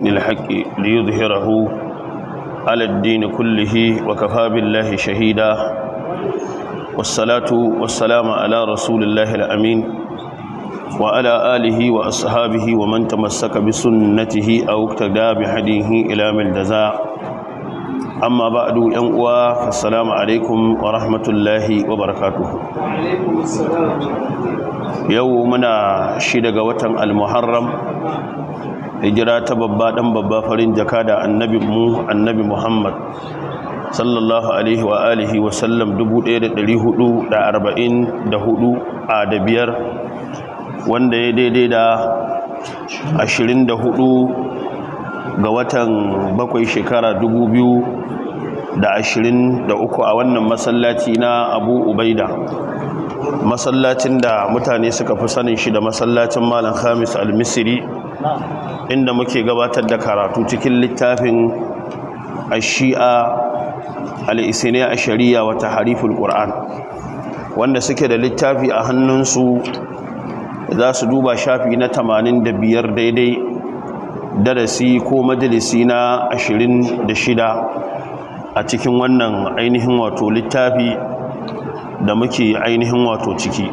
للحق ليظهره على الدين كله وكفى بالله شهيدا والصلاة والسلام على رسول الله الأمين وعلى آله وأصحابه ومن تمسك بسنته أو اقتدى بهديه إلى ملجزاء أما بعد ينقوى فالسلام عليكم ورحمة الله وبركاته وعليكم السلام يومنا شدق وطن المحرم hijira ta babba dan babba farin jaka da annabi mu annabi muhammad sallallahu alaihi wa alihi wa sallam 1444 a da biyar wanda ya daidai da 24 ga watan bakwai shekara 2023 a wannan masallaci na abu ubaida masallacin da mutane suka fi sanin shi da masallacin malam khamis al-misri inda muke gabatar da karatu cikin littafin ashi'a al-isniya Shari'a wa tahriful qur'an wanda suke da littafi a hannunsu za su duba shafi na 85 daidai darasi ko majalisi na 26 a cikin wannan ainihin wato littafi da muke ainihin wato ciki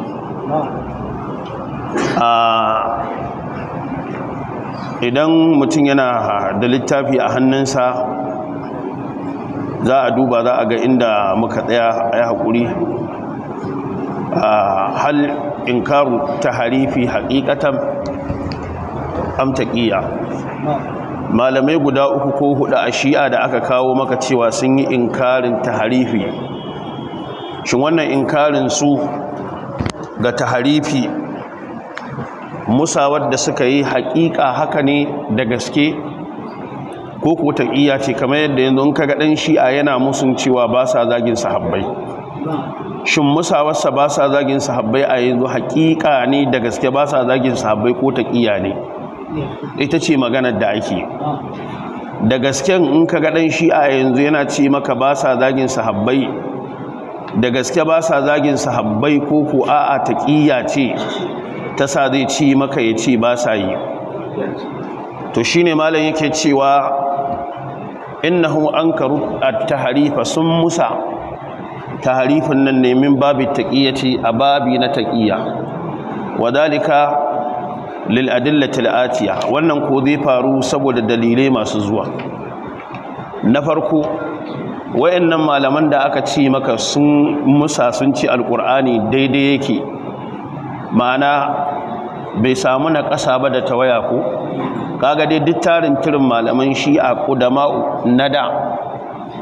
idan mutum yana da littafi a hannunsa za a duba za a ga inda muka tsaya a yi haƙuri hal in karu ta harifi haƙiƙatan amtaƙiya malamai guda uku ko hudu a shi'a da aka kawo maka cewa sun yi inkarin ta harifi shin wannan inkarin su ga taharifi musawar da suka yi haƙiƙa haka ne da gaske ko ko iya ce kamar yadda yanzu in kaga ɗan shi'a yana musun cewa ba sa zagin sahabbai shin musawarsa ba sa zagin sahabbai a yanzu haƙiƙa ne da gaske ba sa zagin sahabbai ko iya ne ita ce maganar da ake da gasken in kaga ɗan shi'a yanzu yana ce maka ba sa zagin sahabbai da gaske ba sa zagin sahabbai ko ku a'a taƙiyya ce ta sa zai ci maka ya ci ba sa yi to ne malam yake cewa innahum ankaru ta harifa sun musa ta harifin nan nemin babi taƙiya ce a babi na taƙiya wadalika lil'adillatil atiya wannan ko zai faru saboda dalilai masu zuwa na farko nan malaman da aka ci maka sun musa sun ci alkur'ani daidai yake ma'ana bai samu na ƙasa ba da tawaya ko kaga dai duk tarin tirin malaman shi'a na nada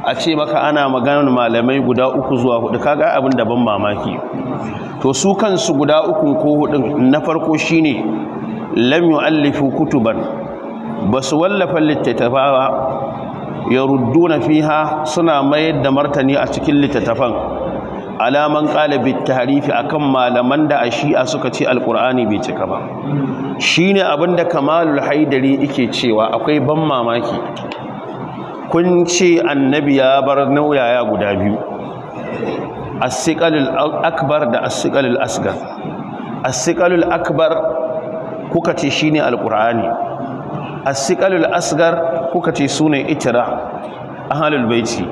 a ce maka ana maganar malamai guda uku zuwa hudu kaga abin da ban mamaki to su kansu guda uku ko hudun na farko shine lam yu'allifu kutuban basu wallafa littattafa yarudduna fiha suna mayar da martani a cikin littattafan alaman qala bit a akan malaman da a shi'a suka ce alkur'ani bai cika ba shine abinda kamalul haidari yake cewa akwai ban mamaki kun ce annabi ya bar nauyaya guda biyu as akbar da as-siqalul asghar as akbar kuka ce shine alkur'ani asiqalul asgar kuka ce sunan itira ahlul baiti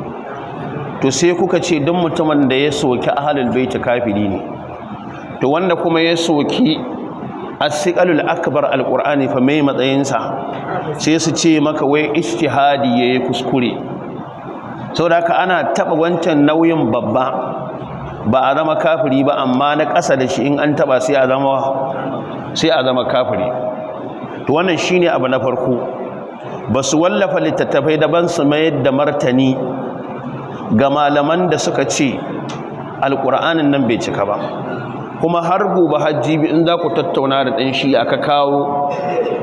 to sai kuka ce don mutumin da ya soki ahlul baiti kafiri ne to wanda kuma ya soki asiqalul akbar alqur'ani fa mai matsayinsa sai su ce maka wai ijtihadi yayi kuskure saboda haka ana taba wancan nauyin babba ba a zama kafiri ba amma na ƙasa da shi in an taba sai a zama kafiri to wannan shine abu na farko basu wallafa littattafai daban su mayar da martani ga malaman da suka ce alƙur'anin nan bai cika ba kuma har gobe hajji in za ku tattauna da dan shi ka kawo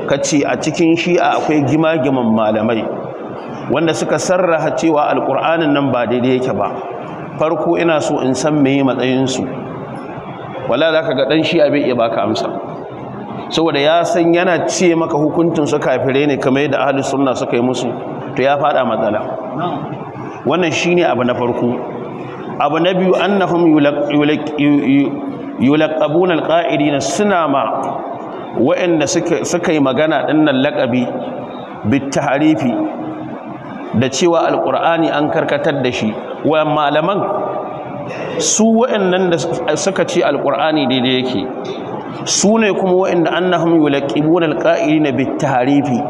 ka ce a cikin shi'a akwai gimagiman malamai wanda suka sarraha cewa alƙur'anin nan ba daidai yake ba farko ina so in san meye matsayinsu wala za ka ga ɗan shi'a bai iya baka amsa saboda ya san yana ce maka hukuncin su kafire ne kamar yadda ahlus sunna suka yi musu to ya fada matsala wannan ne abu na farko abu na biyu annahum yulaqabun alqa'idina suna ma waɗanda suka yi magana dinnan lakabi, bitahrifi da cewa alqur'ani an karkatar da shi wa malaman su wa'annan da suka ce alƙur'ani daidai yake su ne kuma wa'inda annahum yulaqibuna alqa'ilina bitahrifi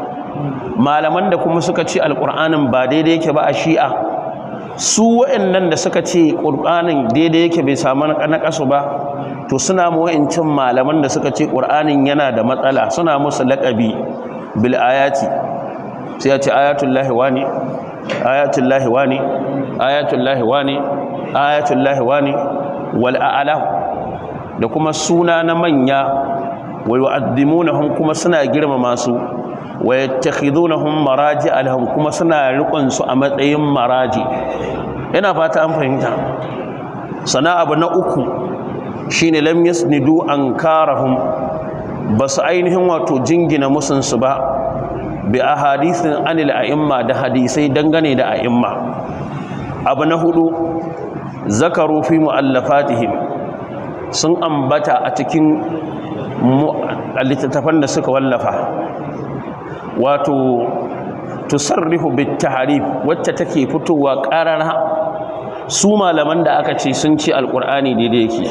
malaman da kuma suka ce alqur'anin ba daidai yake ba a shi'a su wa'annan da suka ce qur'anin daidai yake bai samu na kasu ba to suna mu wa'ancin malaman da suka ce qur'anin yana da matsala suna musu laqabi bil ayati sai ya ce ayatullahi wani ayatullahi wani ayatullahi wani ayatullahi wani wal a'lam da kuma suna na manya wa yu'azzimunahum kuma suna girmama su wa yattakhidunahum maraji lahum kuma suna riƙon su a matsayin maraji yana fata an fahimta sana abu na uku shine lam yasnidu ankarahum basu ainihin wato jingina musunsu ba bi ahadithin anil a'imma da hadisai dangane da a'imma abu na hudu zakaru fi mu'allafatihim sun ambata a cikin littattafan da suka wallafa wato tusarrihu bitaharif wacce take fitowa ƙarar su malaman da aka ce sun ce alƙur'ani daidai yake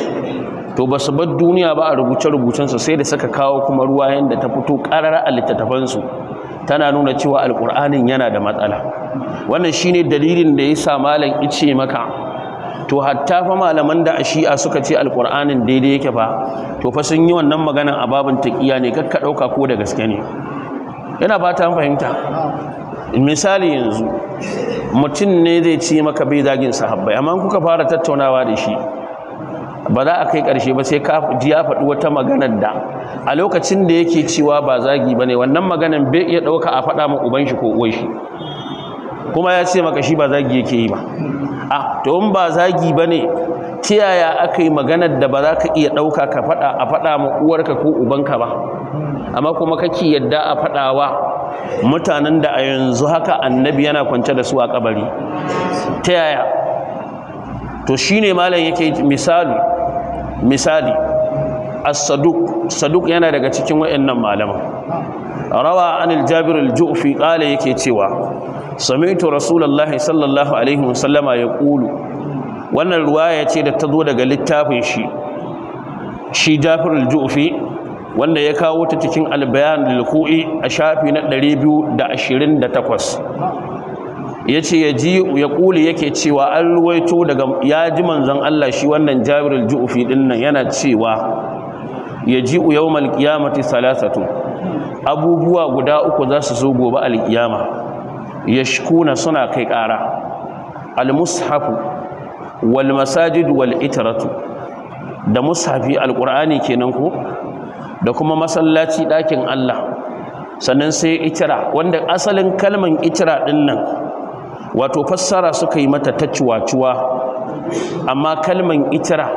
to ba su bar duniya ba a rubuce-rubucensu sai da suka kawo kuma ruwa yadda ta fito Ƙarar a littattafansu tana nuna cewa alƙur'anin yana da matsala wannan shine dalilin da ya sa malam ice maka to hatta fa malaman da a shi'a suka ce alkur'anin daidai yake fa to fa sun yi wannan maganan a babin taƙiya ne kakka ɗauka ko da gaske ne yana ba ta fahimta misali yanzu mutum ne zai ci maka bai zagin sahabbai amma kuka fara tattaunawa da shi ba za a kai ƙarshe ba sai ka ji ya faɗi wata maganar da a lokacin da yake cewa ba zagi ba ne wannan maganan bai iya ɗauka a faɗa ma uban shi ko uwan shi kuma ya ce maka shi ba zagi yake yi ba a to in ba zagi ba ne ta yaya aka yi maganar da ba za ka iya ɗauka ka faɗa a faɗa ma uwarka ko ubanka ba amma kuma kake yadda a faɗawa mutanen da a yanzu haka annabi yana kwance da su a kabari ta yaya to shine malam yake misali misali as-saduq saduq yana daga cikin wayannan malaman rawa anil jabir al-ju'fi qala yake cewa samaitu Rasulallah sallallahu alaihi wasallama ya kulu wannan ruwaya ce da ta zo daga littafin shi shi jafir al-Ju'fi wanda ya kawo ta cikin al-Bayan al-Ku'i a shafi na 228 yace ce ya ya ji kuli yake cewa an ruwaito daga ya ji manzon Allah shi wannan jafir al-Ju'fi din nan yana cewa yaji yawmal qiyamati salasatu abubuwa guda uku za su zo gobe al-qiyama yashkuna suna kai ƙara al-mushafu wal masajid wal itratu da mushafi alqur'ani kenan ko da kuma masallaci ɗakin Allah sannan sai itira wanda asalin kalman itra din nan wato fassara suka yi mata ta amma kalman itira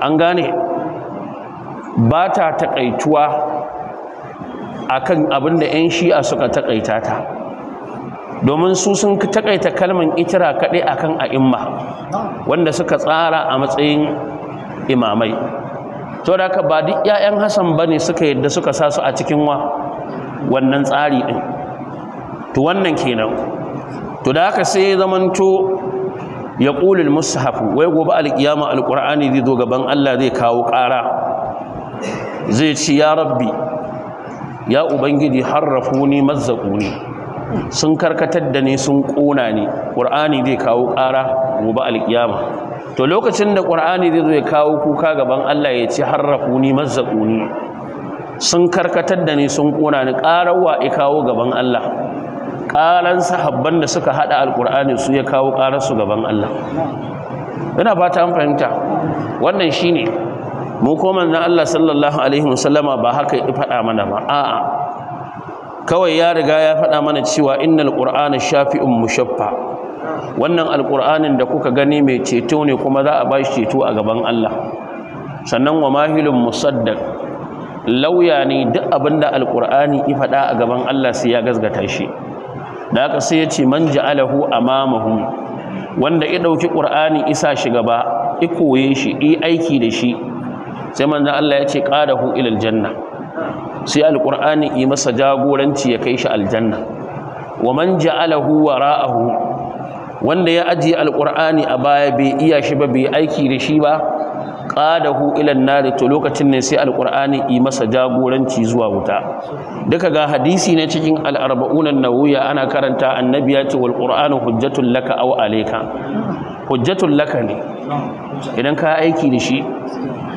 an gane ba ta taƙaituwa akan abin da 'yan shi'a suka taƙaita ta domin su sun taƙaita kalman itira kaɗai akan a'imma wanda suka tsara a matsayin imamai to da ka ba duk 'ya'yan hassan ba ne suka yadda suka sa su a cikin wa wannan tsari ɗin to wannan kenan to da haka sai zamanto ya ƙulil musahafu wai gobe alƙiyama alƙur'ani zai zo gaban allah zai kawo ƙara zai ci ya rabbi ya ubangiji harrafu ni mazzaƙu ne sun karkatar da ni sun ƙona ni ƙur'ani zai kawo ƙara gobe alƙiyama to lokacin da ƙur'ani zai zo ya kawo kuka gaban Allah ya ce harrafu ni mazzaƙu ni sun karkatar da ni sun ƙona ni wa ya kawo gaban Allah ƙaran sahabban da suka haɗa alƙur'ani su ya kawo ƙararsu gaban Allah ina fata ta fahimta wannan shine mu ko manzon Allah sallallahu alaihi wasallama ba haka ya faɗa mana ba a'a kawai ya riga ya faɗa mana cewa innal qur'ana shafi'un mushaffa wannan alqur'anin da kuka gani mai ceto ne kuma za a ba shi ceto a gaban Allah sannan wa mahilun musaddaq lauya ne duk abinda alqur'ani ya faɗa a gaban Allah sai ya gazgata shi da haka sai ya ce man ja'alahu amamahum wanda ya dauki qur'ani isa shi gaba i koye shi aiki da shi sai manzo Allah ya ce qadahu ilal janna sai alƙur'ani yi masa jagoranci ya kai shi aljanna wa man ja'alahu wara'ahu wanda ya ajiye alƙur'ani a baya bai iya shi ba bai aiki da shi ba qadahu ila an to lokacin ne sai alƙur'ani yi masa jagoranci zuwa wuta duka ga hadisi ne cikin al-arba'un an ana karanta annabi ya ce wal qur'anu hujjatul laka aw alayka hujjatun laka ne idan ka aiki da shi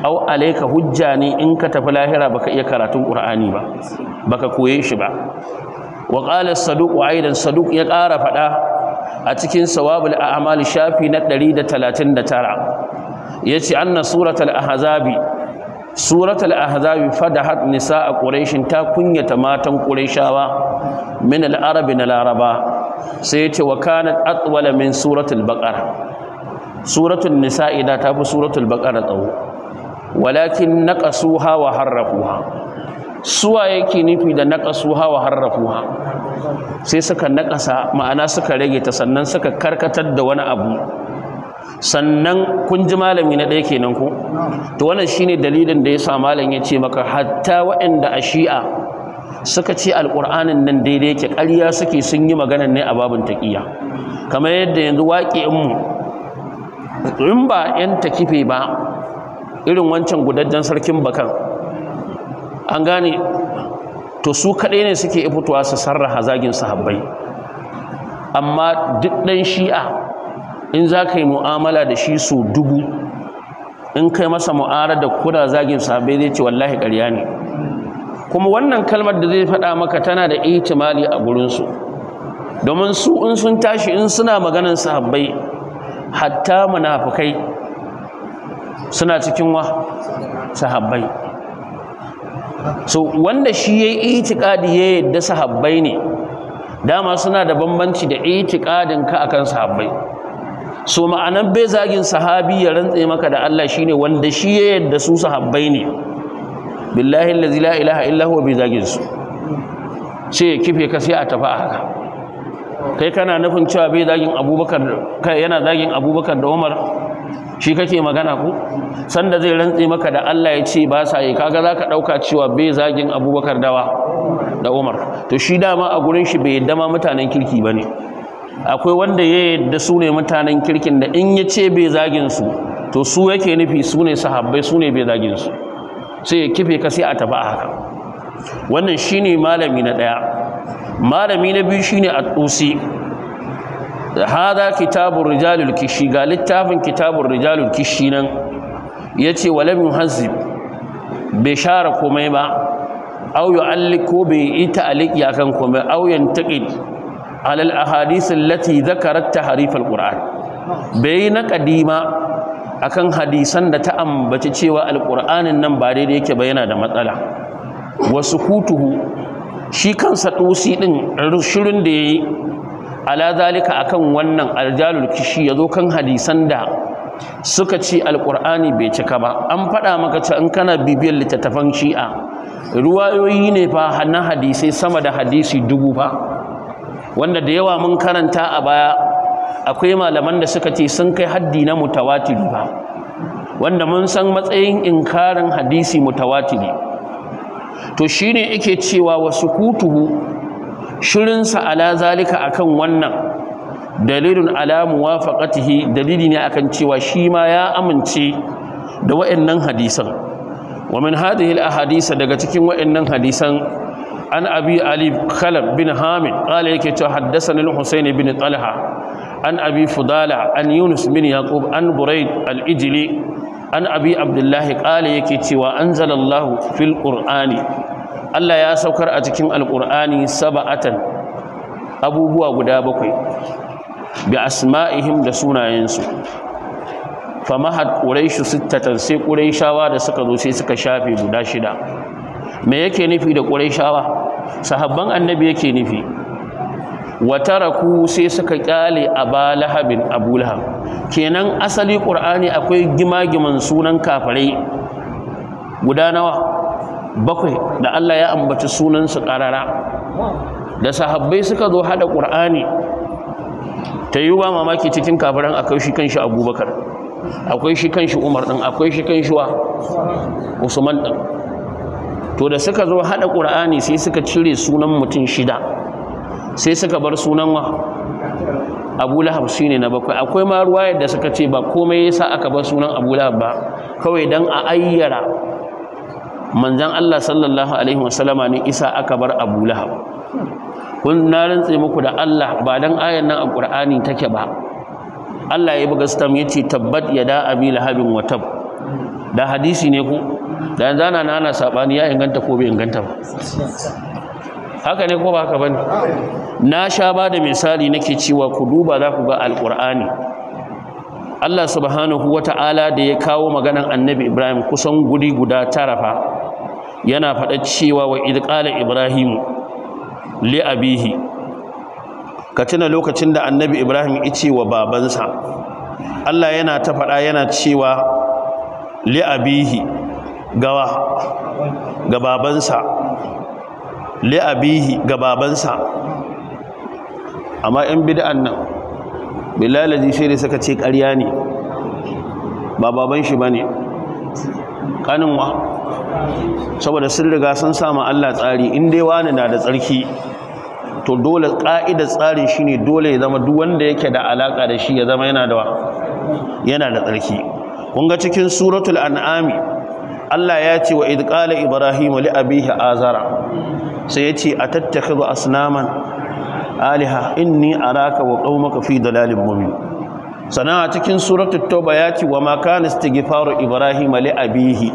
au alaika hujja ne in ka tafi lahira baka iya karatun qur'ani ba baka koye shi ba wa qala saduq aidan saduq ya ƙara faɗa a cikin sawabul a'mal shafi na 139 yace anna suratul ahzabi suratul ahzabi fadahat nisaa quraish ta kunyata matan quraishawa min al na laraba sai yace wa kanat atwala min suratul baqara suratul nisa'i da ta fi suratul baqara tsawo walakin naqasuha wa harrafuha suwa yake nufi da naqasuha wa harrafuha sai suka naƙasa ma'ana suka rage ta sannan suka karkatar da wani abu sannan kun ji malami na ɗaya kenan ku to wannan shine dalilin da yasa malam ya ce maka hatta waɗanda a shi'a suka ce alƙur'anin nan daidai yake ƙarya suke sun yi maganan ne a babin taƙiya kamar yadda yanzu mu. in ba 'yan takife ba irin wancan gudajen sarkin bakan an gane to su kaɗai ne suke fitowa su sarraha zagin sahabbai amma duk ɗan shi'a in za ka yi mu'amala da shi su dubu in kai masa mu'ara da kuda zagin sahabbai zai ce wallahi ƙarya ne kuma wannan kalmar da zai faɗa maka tana da ihtimali a gurinsu domin su in sun tashi in suna su sahabbai hatta munafikai suna cikin wa sahabbai so wanda shi yayi itikadi ya yadda sahabbai ne dama suna da bambanci da itikadin ka akan sahabbai so ma'anan bai zagin sahabi ya rantse maka da Allah shine wanda shi ya yadda su sahabbai ne billahi allazi la ilaha illa huwa bai zagin su sai ya kife ka sai a tafi a haka kai kana nufin cewa bai zagin abubakar yana zagin abubakar da umar shi kake magana ku sanda zai rantse maka da Allah ya ce ba sa yi kaga zaka dauka cewa bai zagin abubakar dawa da umar to shi dama a gurin shi bai yadda ma mutanen kirki bane akwai wanda ya yadda su ne mutanen kirkin da in ya ce bai zagin su to su yake nufi su ne sahabbai su ne bai zagin su sai ya kife ka sai a tafi a haka wannan shine malami na ɗaya. malami na biyu shine at-tusi hada kitabur rijalul kishi ga littafin kitabur rijalul kishi nan yace walam yuhazzib bai share komai ba aw yu'allik ko bai yi ta'liq ya kan komai aw yantaqid alal ahadith allati dhakarat tahrif alquran bai na kadima akan hadisan da ta ambaci cewa alquranin nan ba daidai yake ba yana da matsala wasukutuhu shi kansa dusi din shirin da yayi ala zalika akan wannan aljalul kishi yazo kan hadisan da suka ce Alƙur'ani bai cika ba an faɗa maka ce in kana bibiyar littattafan shi'a ruwayoyi ne fa na hadisai sama da hadisi dubu ba, wanda da yawa mun karanta a baya akwai malaman da suka ce sun kai haddi na mutawatiri ba wanda mun san matsayin inkarin hadisi mutawatiri to shine ake cewa wasu sukutuhu shirinsa ala zalika akan wannan dalilun ala muwafaqatihi dalili ne akan cewa shi ma ya amince da wa'annan hadisan wa min hadhihi al-ahadisa daga cikin wa'annan hadisan an abi ali khalab bin hamid qala yake cewa haddasa al-husayn bin talha an abi fudala an yunus bin yaqub an burayd al-ijli an abi abdullahi ƙala yake cewa an zalallahu fil qur'ani. allah ya saukar a cikin alƙur'ani saba'atan abubuwa guda bakwai bi asma'ihim da sunayensu famahat ƙuraishu sittatan sai ƙuraishawa da suka zo sai suka shafe guda shida me yake nufi da ƙuraishawa sahabban annabi yake nufi wataraku sai suka ƙyale a lahabin kenan asali ƙur'ani akwai gimagiman sunan kafirai guda nawa bakwai da Allah ya ambaci sunansu ƙarara da sahabbai suka zo haɗa ƙur'ani ta yi ba mamaki cikin kafiran akwai shi kanshi abubakar akwai shi kanshi umar ɗin akwai shi kanshi wa usman ɗin to da suka zo haɗa ƙur'ani sai suka cire sunan mutum shida sai suka bar sunan wa abu lahab shi ne na bakwai akwai ma ruwayar da suka ce ba komai ya sa aka bar sunan abu lahab ba kawai don a ayyara manzan allah sallallahu alaihi wasallama ne isa aka bar abu lahab kun na rantse muku da allah ba don ayan nan a ƙur'ani take ba allah ya buga stam ya ce tabbat ya da abi lahabin watab da hadisi ne ku da yanzu ana na ana saɓani ya inganta ko bai inganta ba haka ne ko ba haka bane na sha ba da misali nake cewa ku duba za ku ga alqur'ani Allah subhanahu wata'ala da ya kawo maganan annabi Ibrahim kusan guri guda tarafa yana faɗa cewa wa idh qala ibrahim li abihi ka tuna lokacin da annabi Ibrahim ya ce wa babansa Allah yana ta faɗa yana cewa li abihi gawa ga babansa li'abihi ga babansa amma 'yan bid'an nan bilalazi sai da suka ce ƙarya ne ba baban shi ba ne ƙaninwa saboda sun riga sun samu Allah tsari in dai wani na da tsarki to dole ƙa'idar tsarin shi ne dole ya zama duk wanda yake da alaƙa da shi ya zama yana da yana da tsarki kun ga cikin suratul an'ami Allah ya ce wa idkala ibrahim li abihi azara sai ya ce a tattakiru asnaman aliha inni araka wa qaumaka fi dalalin mubin Sannan a cikin suratul tauba ya ce wa ma kana gifaru ibrahim li abihi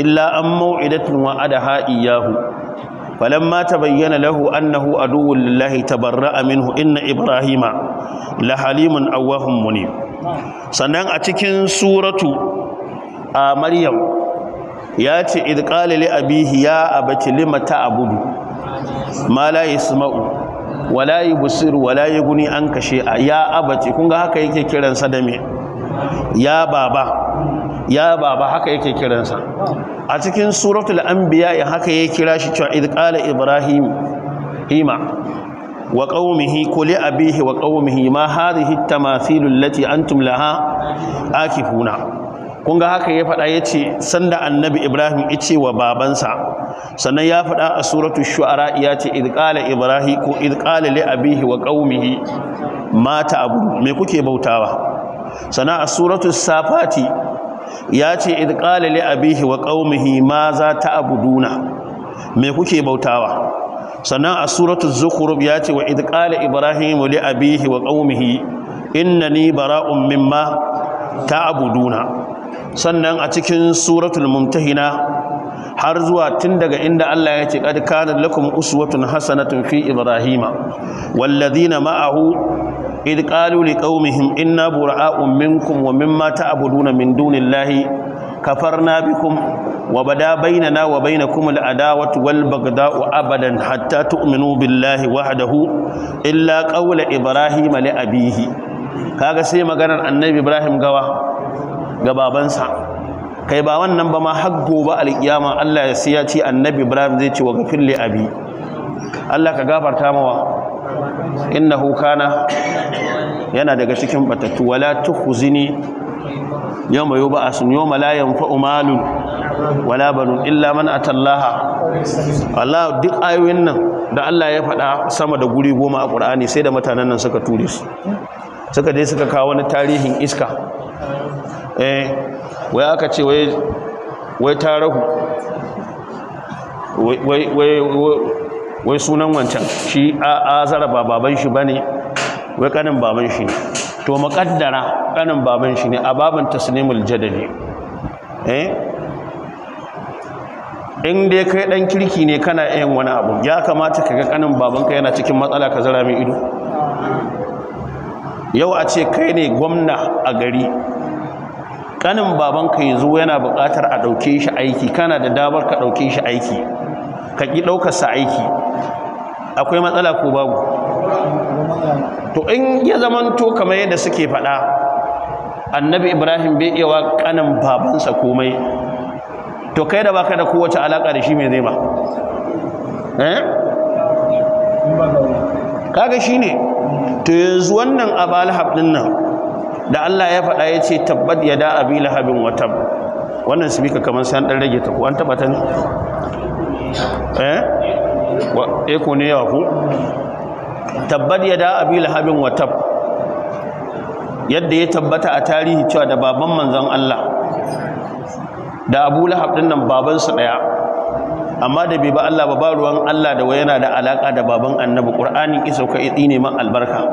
illa an maw'idatin wa'adaha iyyahu فلما تبين له أنه عدو لله inna Ibrahima, إن إبراهيم لحليم أواه منيب sannan a cikin suratu a maryam ya ce idqala li abihi ya abati lima Abudu. ma la yasma'u wala yubsir wala yughni anka shay'a ya abati kun ga haka yake kiransa da me ya baba ya baba haka yake kiransa a cikin suratul anbiya haka yake kira shi cewa id ibrahim hima wa qaumihi kuli abihi wa qaumihi ma hadhihi at-tamathil allati antum laha akifuna kun ga haka ya faɗa ya ce sanda annabi ibrahim ya ce wa babansa sannan ya faɗa a suratu shu'ara ya ce idƙala ibrahim ko idƙala li abihi wa qaumihi mata abu me kuke bautawa sannan a suratu safati ya ce idƙala li abihi wa qaumihi ma za ta abuduna me kuke bautawa sannan a suratu zukhruf ya ce wa id qala ibrahim li abihi wa qaumihi innani bara'un mimma ta'buduna sannan a cikin suratul mumtahina har zuwa tun daga inda Allah ya ce qad kana lakum uswatun hasanatun fi ibrahima walladhina ma'ahu id qalu liqaumihim inna bura'a'un minkum wa mimma ta'buduna min dunillahi kafarna bikum wa na bainana wa bainakum al'adawatu wal baghda'u abadan hatta tu'minu billahi wahdahu illa qawla ibrahima li abeehi kaga sai maganar annabi ibrahim gawa ga babansa kai ba wannan ba ma har gobe alkiyama Allah ya siya ci annabi Ibrahim zai ce wa gafir li abi Allah ka gafarta mawa innahu kana yana daga cikin batattu wala tukhzini yawma yub'asun yawma la yanfa'u malun wala banun illa man atallaha Allah duk ayoyin nan da Allah ya faɗa sama da guri goma a Qur'ani sai da mutanen nan suka ture su suka je suka kawo wani tarihin iska eh wai aka ce wai wai tarahu wai wai wai sunan wancan shi a azara ba baban shi bane wai kanin baban shi ne to muqaddara kanin baban shi ne a babin tasnimul jadali eh in dai kai dan kirki ne kana yin wani abu ya kamata ka ga kanin babanka yana cikin matsala ka zara mai ido yau a ce kai ne gwamna a gari kanin babanka ya zo yana buƙatar a ɗauke shi aiki kana da damar ka ɗauke shi aiki ka ƙi ɗaukarsa aiki akwai matsala ko babu to in ya zamanto kamar yadda suke faɗa annabi ibrahim bai iya wa kanin babansa komai to kai da baka da kowace alaƙa da shi mai zai ba eh? kaga shine to yanzu wannan abalhab ɗin nan da Allah ya faɗa ya ce tabbat ya da abi lahabin watab wannan su speaker kamar sai an ɗan rage ta ko an taɓa ta ne eh eko ne yawa ku tabbat ya da abi lahabin watab yadda ya tabbata a tarihi cewa da baban manzon Allah da abu lahab ɗin nan babansu ɗaya amma da bai ba Allah ba ruwan Allah da wa yana da alaka da baban annabi qur'ani ki sauka yi ne man albarka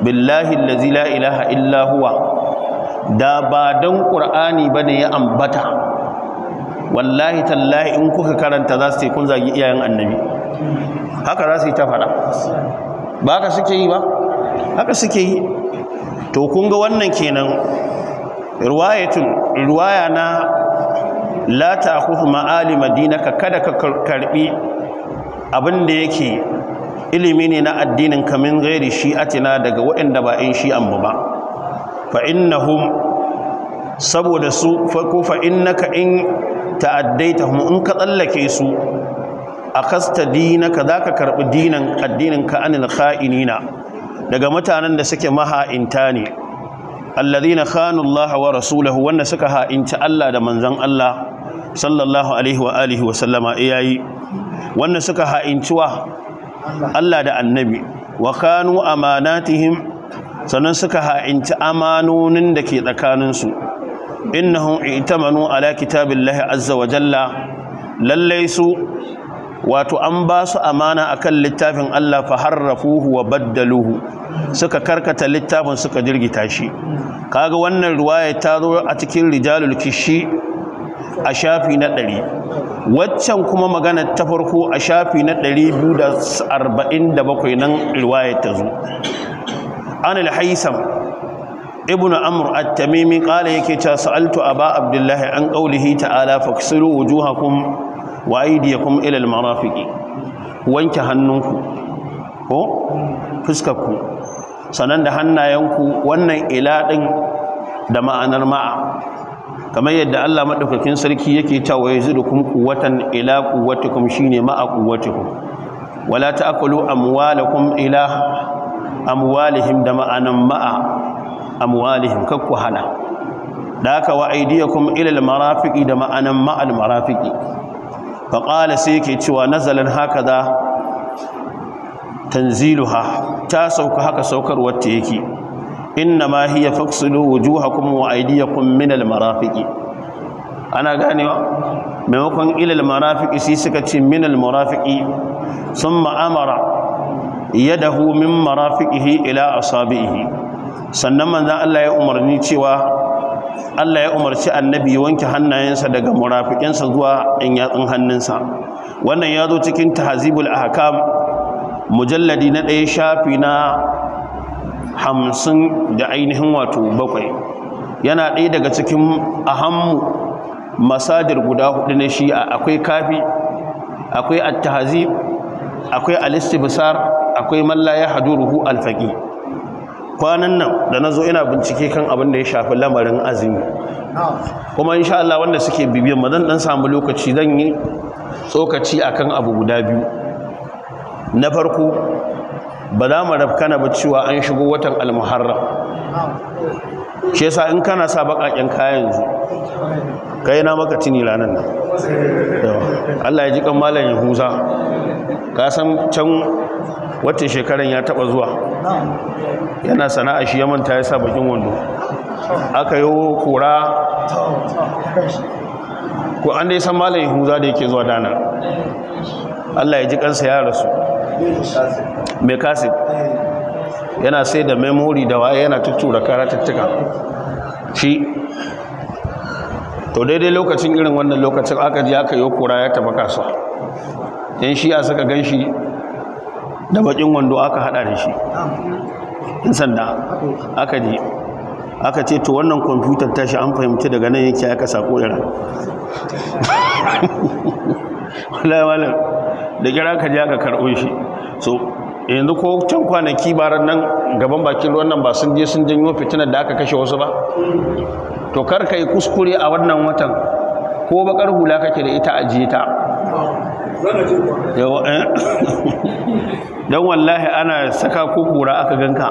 billahi allazi la ilaha illa huwa da ba dan qur'ani bane ya ambata wallahi tallahi in kuka karanta za su ce kun zagi iyayen annabi haka za su yi ta faɗa ba haka suke yi ba haka suke yi to kun ga wannan kenan riwayatun riwaya na la ta'khudh ma'alima dinaka kada ka karbi abin da yake ilimi ne na addinin ka min shi shi'atina daga waɗanda ba in shi an ba fa innahum saboda su ko fa innaka in ta'addaitahum in ka tsallake su akasta dinaka zaka karbi dinan addinin ka anil kha'inina daga mutanen da suke maha'inta ne alladhina khanu Allah wa rasulahu wanda suka ha'inci Allah da manzon Allah sallallahu alaihi wa alihi wa sallama iyayi eh, wanda suka ha'inci wa Allah da annabi wa kanu amanatihim sannan suka ha'inci amanonin da ke tsakaninsu innahum itamanu ala kitabillahi azza wa jalla lallai su wato an ba su amana kan littafin Allah fa harrafuhu wa baddaluhu suka karkata littafin suka jirgita shi kaga wannan ruwaya ta zo a cikin rijalul kishi a shafi na ɗari waccan kuma magana ta farko a shafi na ɗari biyu da arba'in da bakwai nan ruwaya ta zo an alhaisam ibn amr at-tamimi kala yake ta sa'altu aba abdullahi an qawlihi ta'ala faksilu wujuhakum wa kuma ila almarafiqi wanke hannunku ko fuskarku sannan da hannayenku wannan ila din da ma'anar ma'a kamar yadda Allah madaukakin sarki yake cewa kuma quwwatan ila quwwatikum shine ma'a quwwatikum wala ta'kulu amwalakum ila amwalihim da ma'anan ma'a amwalihim kakku hana da haka wa aydiyakum ila almarafiqi da ma'anan ma'al marafiqi faƙala sai yake cewa nazalin haka za tanziluha ta sauka haka saukar ta yake inna ma hiya wujuha kuma wa aidiya kun minal marafiki. ana ganewa maimakon ilal marafiki sai suka ce minal marafiki. Sun ma'amara ya dahu min marafiki ila asabihi sannan manzon Allah ya umarni cewa Allah ya umarci annabi wanke hannayensa daga murafikinsa zuwa in yatsun hannunsa wannan ya zo cikin tahzibul ahkam mujalladi na ɗaya shafi na hamsin da ainihin wato bakwai yana ɗaya daga cikin ahammu masadir guda hudu na shi akwai kafi akwai at-tahzib akwai al-istibsar akwai man la yahduruhu al kwanan nan da na zo ina bincike kan abin da ya shafi lamarin azumi kuma insha Allah wanda suke bibiyan ma zan dan samu lokaci zan yi tsokaci akan abu guda biyu na farko ba za mu rafkana ba cewa an shigo watan almuharram shi yasa in kana sa bakaken kayan zu kai na maka tuni ranan nan Allah ya ji kan malam Yahuza ka san can wata shekaran ya taba zuwa yana sana'a shi ya manta ya sa bakin wando aka yi kura ko an dai san malayin huza da yake zuwa dana Allah ya ji kansa ya rasu mai kasif yana sai da memori da waye yana tuttura karatattuka shi to daidai lokacin irin wannan lokacin aka ji aka yi kura ya taba kasuwa yan shi a suka gan shi da bakin wando aka hada da shi in sanda aka ji aka ce to wannan kwamfutar tashi an fahimci daga nan yake aka sako yara da kira ka ji aka karɓo shi so yanzu ko can kwanaki baran nan gaban bakin wannan ba sun je sun janyo fitinar da aka kashe wasu ba to kar ka yi kuskure a wannan watan ko bakar hula kake da ita ajiye ta Eh? don wallahi ana saka ko aka ganka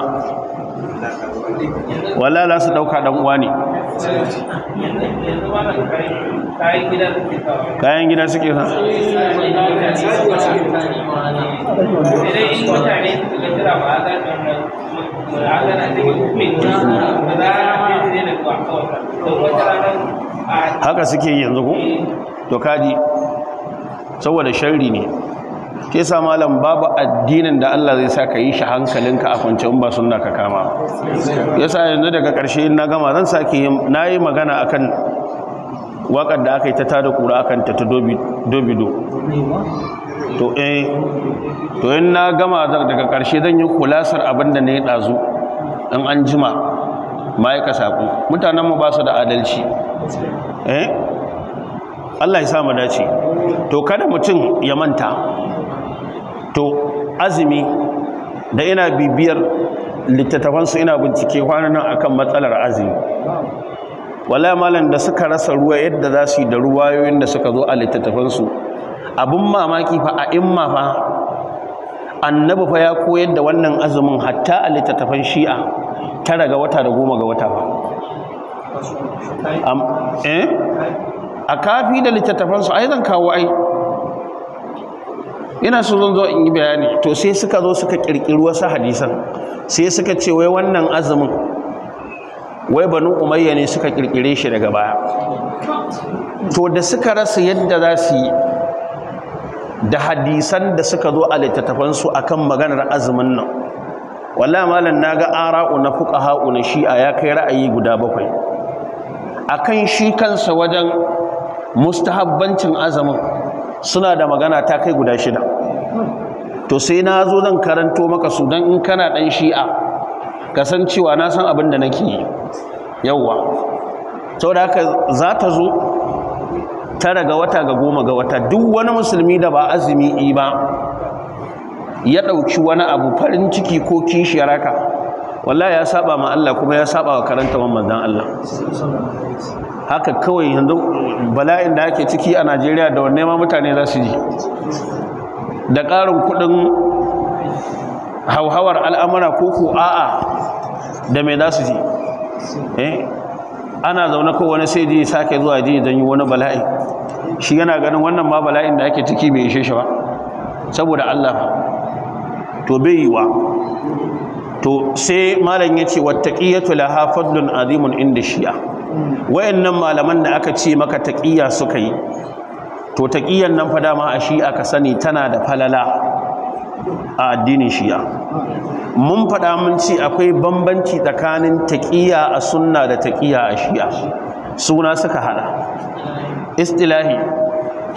wallahi za su ɗauka ɗan uwa ne kayan gida suke sa haka suke yanzu ko to kaji saboda sharri ne ke sa malam babu addinin da Allah zai sa ka yi shi hankalinka a kwance in ba sunna ka kama Ya sa yanzu daga ƙarshe na gama zan sake na yi magana akan waƙar da aka yi ta tada ƙura a ta ta dobido to eh to in na gama daga ƙarshe zan yi kulasar abin da na yi ɗazu in an jima ma yi ka saƙo mutanenmu ba su da adalci eh? Allah ya samu dace to kada mutum ya manta to azumi da ina bibiyar littattafansu ina bincike kwanan nan akan matsalar azumi wallahi malam da suka rasa ruwa yadda za su yi da ruwayoyin da suka zo a littattafansu abin mamaki fa a imma fa annabi fa ya koyar da wannan azumin hatta a littattafan shi'a tara ga wata da goma ga wata fa eh? a kafi da littattafansu ai zan kawo ai ina so zan zo in yi bayani to sai suka zo suka kirkiri wasu hadisan sai suka ce wai wannan azumin wai banu umayya ne suka kirkire shi daga baya to da suka rasa yadda za su yi da hadisan da suka zo a littattafansu akan maganar azumin nan walla malam naga ara'u na fuqaha'u na shi'a ya kai ra'ayi guda bakwai akan shi kansa wajen mustahabbancin azumin suna da magana ta kai guda shida to sai na zo zan karanto maka su dan in kana dan shi'a cewa na san abin da nake yi yawwa saboda haka za ta zo ta daga wata ga goma ga wata duk wani musulmi da ba azumi yi ba ya ɗauki wani abu farin ciki ko kishiyar raka wallah ya saba ma Allah kuma ya saba wa karanta manzon Allah haka kawai yanzu bala'in da ake ciki a najeriya da wanne ma mutane za su ji da ƙarin kuɗin hauhawar al'amura ko ko a'a da mai za su ji eh, ana zaune ko wani sai ji sake zuwa ji don yi wani bala'i shi yana ganin wannan ma bala'in da ake ciki bai ishe shi ba saboda allah to bai yi wa to sai malam ya ce wattaƙiyatu laha fadlun azimun inda shi'a Wayan nan malaman da aka ce maka taƙiyya suka yi to taƙiyyan nan fa dama a shi'a ka sani tana da falala a addinin shi'a mun faɗa mun ce akwai bambanci tsakanin taƙiyya a sunna da taƙiyya a shi'a suna suka hada istilahi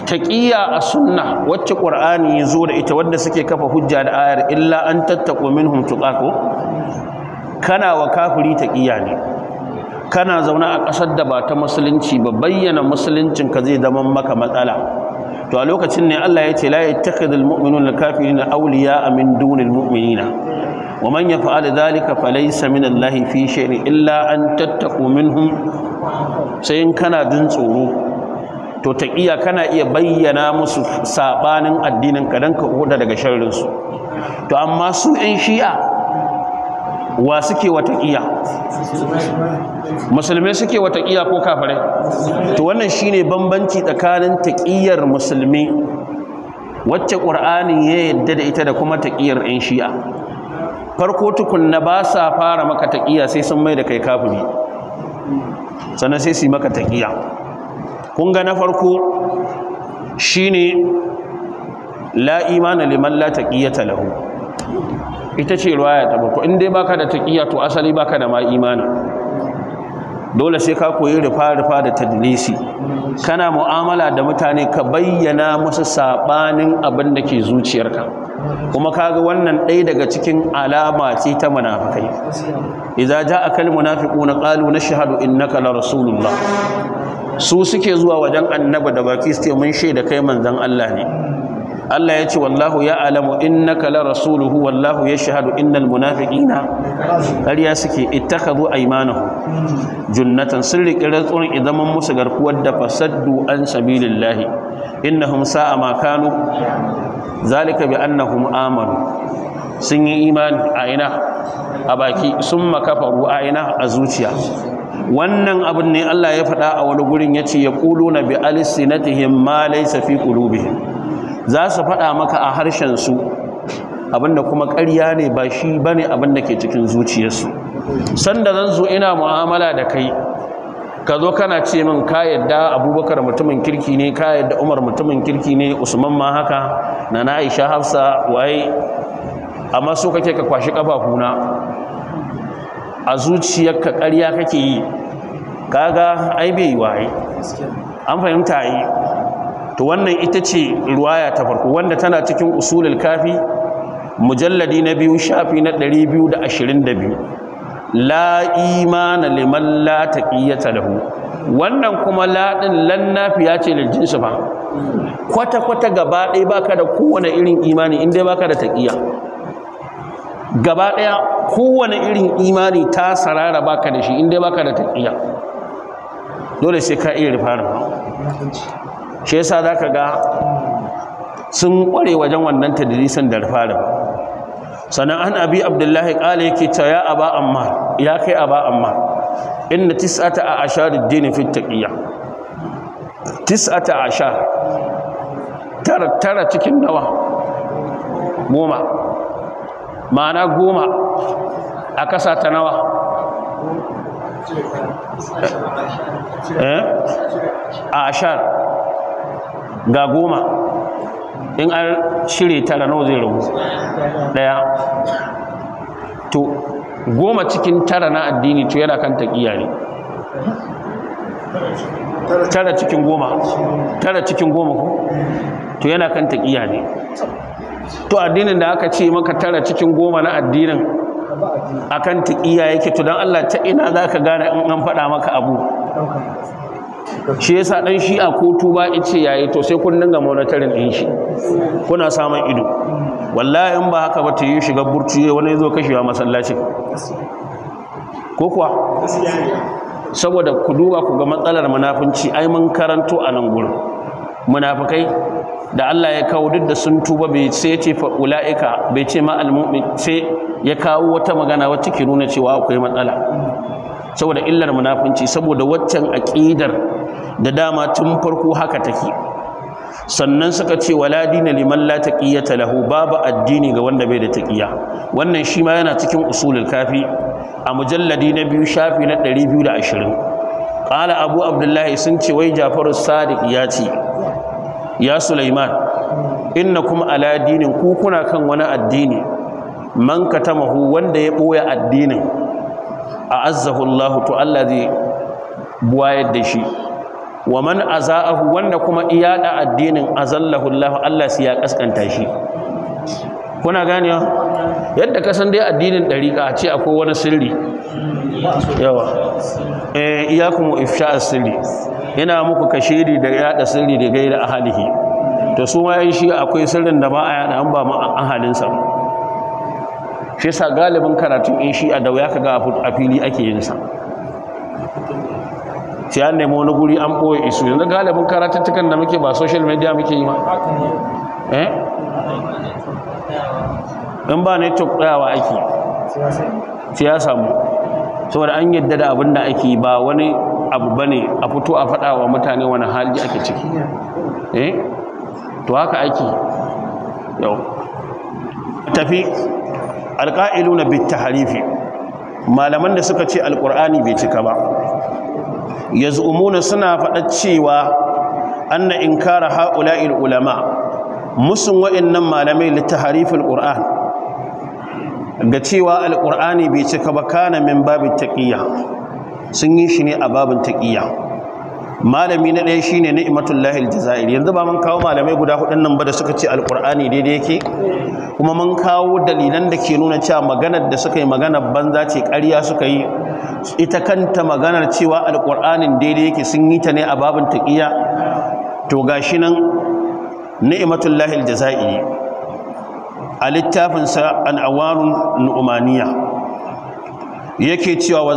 taƙiyya a sunna wacce qur'ani ya zo da ita wanda suke kafa hujja da ayar illa an tattaƙo minhum tuqaqu kana wa kafiri taƙiyya ne kana zauna a ƙasar da ba ta musulunci ba bayyana musuluncin zai zama maka matsala to a lokacin ne Allah ya ce la yattakhidul mu'minuna kafirina awliya min dunil mu'minina wa man yaf'al dhalika falaysa min Allah fi shay'in illa an tattaqu minhum sai in kana jin tsoro to taqiya kana iya bayyana musu sabanin addinin ka dan ka koda daga sharrin su to amma su ɗan shi'a wa suke wata kiya musulmai suke wata kiya ko kafirai to wannan shine bambanci tsakanin taqiyar musulmi wacce qur'ani ya yadda da ita da kuma taqiyar ɗan shi'a farko tukunna ba sa fara maka taqiya sai sun mai da kai kafiri sannan sai su yi maka taqiya kun ga na farko shine la imana liman la taqiyata lahu ita ce ruwaya ta bako in dai baka da taqiyya to asali baka da ma imani dole sai ka koyi rufa rufa da tadlisi kana mu'amala da mutane ka bayyana musu sabanin abin da ke zuciyarka kuma kaga wannan ɗaya daga cikin alama ce ta munafikai idza ja'a kal munafiquna qalu nashhadu innaka la rasulullah su suke zuwa wajen annabi da baki su ce mun shaida kai manzon Allah ne Allah ya ce wallahu ya alamu innaka la rasuluhu wallahu ya shahadu innal munafiqina ƙarya suke ittakhadhu aymanahum junnatan sun riƙe rantsuwar idaman musu garkuwar da fasaddu an sabilillahi innahum sa'a ma kanu zalika bi annahum amanu sun yi imani a ina a baki sun makafaru a ina a zuciya wannan abin ne Allah ya faɗa a wani gurin ya ce ya ƙulu na bi alisinatihim ma laysa fi qulubihim za su faɗa maka a harshen su abinda kuma ƙarya ne ba shi bane abinda ke cikin zuciyarsu sanda zan zo ina mu'amala da kai ka zo kana ce min ka yadda abubakar mutumin kirki ne ka yadda umar mutumin kirki ne usman ma haka na aisha hafsa waye amma so kake ka kwashi ƙafafuna a zuciyarka ƙarya kake yi kaga ai bai yi waye an fahimta yi to wannan ita ce ruwaya ta farko wanda tana cikin usulul kafi mujalladi na biyu shafi na 222 la imana liman la taqiyata lahu wannan kuma laɗin din lan ce da jinsu ba kwata kwata gaba ɗaya baka da kowane irin imani in dai baka da taqiya gaba ɗaya kowane irin imani ta sarara baka da shi in dai baka da taqiya dole sai ka iya rufa rufa shi yasa za ka ga sun kware wajen wannan tadrisan da fara sannan an abi abdullahi kala yake ta ya aba amma ya kai aba amma inna tis'ata a asharid dini fi taqiyya tis'ata a ashar tara tara cikin nawa goma ma'ana goma a kasa ta nawa eh? a ashar ga goma in an shirya tara nawa zai rabu? ɗaya to goma cikin tara na addini to yana kan taƙiya ne tara cikin goma tara cikin goma ko to yana kan taƙiya ne to addinin da aka ce maka tara cikin goma na addinin akan taƙiya yake to don allah ta ina za ka gane in an faɗa maka abu shi yasa dan shi'a kotu tuba ice yayi to sai kun dinga monitoring din shi kuna samun ido wallahi in ba haka ba ta yi shiga burci wani zo kashewa masallaci ko saboda ku duba ku ga matsalar munafunci ai mun karanto a nan gurin munafikai da Allah ya kawo duk da sun tuba bai sai ya ce fa bai ce ma almu'min sai ya kawo wata magana wacce ke nuna cewa akwai matsala saboda illar munafunci saboda waccan aƙidar da dama tun farko haka take sannan suka ce wala liman la taqiyata lahu babu addini ga wanda bai da taqiya wannan shi ma yana cikin usulul kafi a mujalladi na biyu shafi na 220 qala abu abdullahi sun ce wai jafaru sadiq ya ce ya sulaiman innakum ala dinin ku kuna kan wani addini man katamahu wanda ya boye addinin a'azzahu Allah to Allah zai buwayar da shi wa man aza'ahu wanda kuma iyada addinin azallahu Allah Allah sai ya kaskanta shi kuna gane yadda ka san dai addinin dariqa a ce akwai wani sirri yawa eh iyakum ifsha as-sirri yana muku kashiri da yada sirri da gaira ahalihi to su ma yan shi akwai sirrin da ba a yada an ba ma ahalinsa shi yasa galibin karatun in shi a ya kaga a fili ake yin sa sai an nemo wani guri an ɓoye isu yanzu galibin karatuttukan da muke ba social media muke yi ma eh in ba network tsayawa ake siyasa mu saboda an yadda da abin da ake ba wani abu bane a fito a faɗa wa mutane wani hali ake ciki eh to haka ake yau tafi Alƙa'ilu na tahrifi malaman da suka ce alƙur'ani bai cika ba yaz'umuna suna faɗa cewa an anna inkara ha'ula'il ulama musun wa'annan malamai litahrifil qur'an ga cewa alƙur'ani bai cika ba kana min babin taƙiyya, sun yi shi ne a babin taƙiyya. malami na ɗaya shine lahil jaza'iri yanzu ba mun kawo malamai guda hudun nan ba da suka ce alqur'ani daidai yake kuma mun kawo dalilan da ke nuna cewa maganar da suka yi maganar banza ce karya suka yi ita kanta maganar cewa alqur'anin daidai yake sun yi ta ne a babin taqiya to gashi nan ni'matullahi aljazairi a littafinsa al'awarun nu'umaniya yake cewa wa